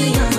million.